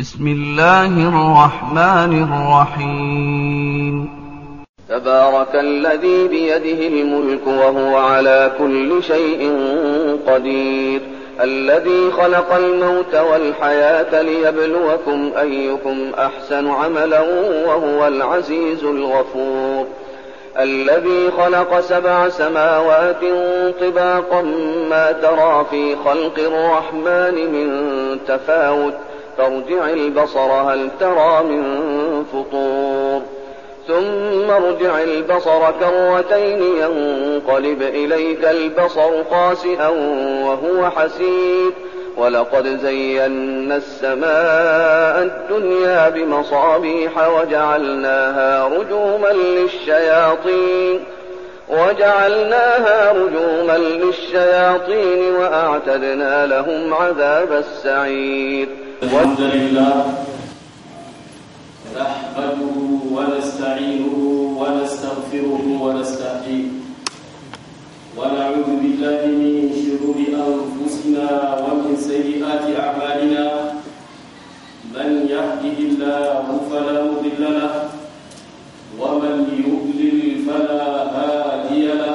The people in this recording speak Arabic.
بسم الله الرحمن الرحيم تبارك الذي بيده الملك وهو على كل شيء قدير الذي خلق الموت والحياة ليبلوكم أيكم أحسن عملا وهو العزيز الغفور الذي خلق سبع سماوات طباقا ما ترى في خلق الرحمن من تفاوت فارجع البصر هل ترى من فطور ثم ارجع البصر كرتين ينقلب إليك البصر خاسئا وهو حسير ولقد زينا السماء الدنيا بمصابيح وجعلناها رجوما للشياطين وجعلناها رجوما للشياطين وأعتدنا لهم عذاب السعير الحمد لله نحمده ونستعينه ونستغفره ونستهديه ونعوذ بالله من شرور انفسنا ومن سيئات اعمالنا من يهده الله فلا مضل له ومن يضلل فلا هادي له